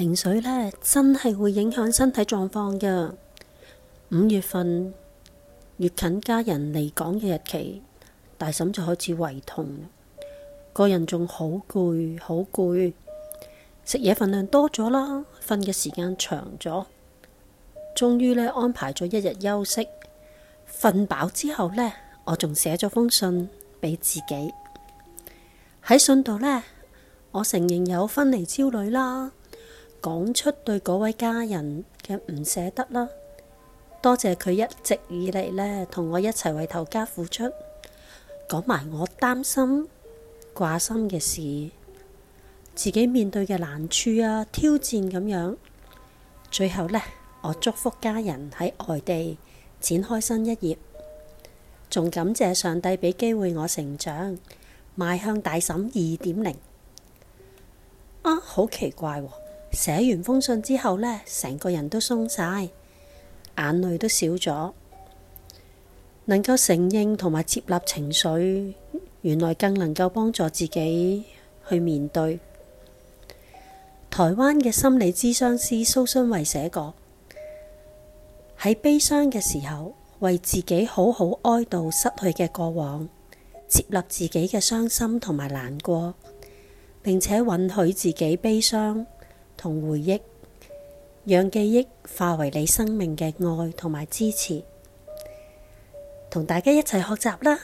情緒呢真係會影響身體狀況㗎。五月份越近家人離港嘅日期，大嬸就開始胃痛，個人仲好攰，好攰，食嘢份量多咗啦，瞓嘅時間長咗。終於呢安排咗一日休息，瞓飽之後呢，我仲寫咗封信俾自己，喺信度呢，我承認有分離焦慮啦。講出對嗰位家人嘅唔捨得啦，多謝佢一直以嚟呢同我一齊為頭家付出，講埋我擔心、掛心嘅事，自己面對嘅難處啊、挑戰咁樣。最後呢，我祝福家人喺外地展開新一頁，仲感謝上帝俾機會我成長，邁向大嬸二點零啊！好奇怪喎、哦、～寫完封信之後呢，成個人都鬆晒，眼淚都少咗。能夠承認同埋接納情緒，原來更能夠幫助自己去面對。台灣嘅心理諮商師蘇新惠寫過：喺悲傷嘅時候，為自己好好哀悼失去嘅過往，接納自己嘅傷心同埋難過，並且允許自己悲傷。同回憶，讓記憶化為你生命嘅愛，同埋支持，同大家一齊學習啦！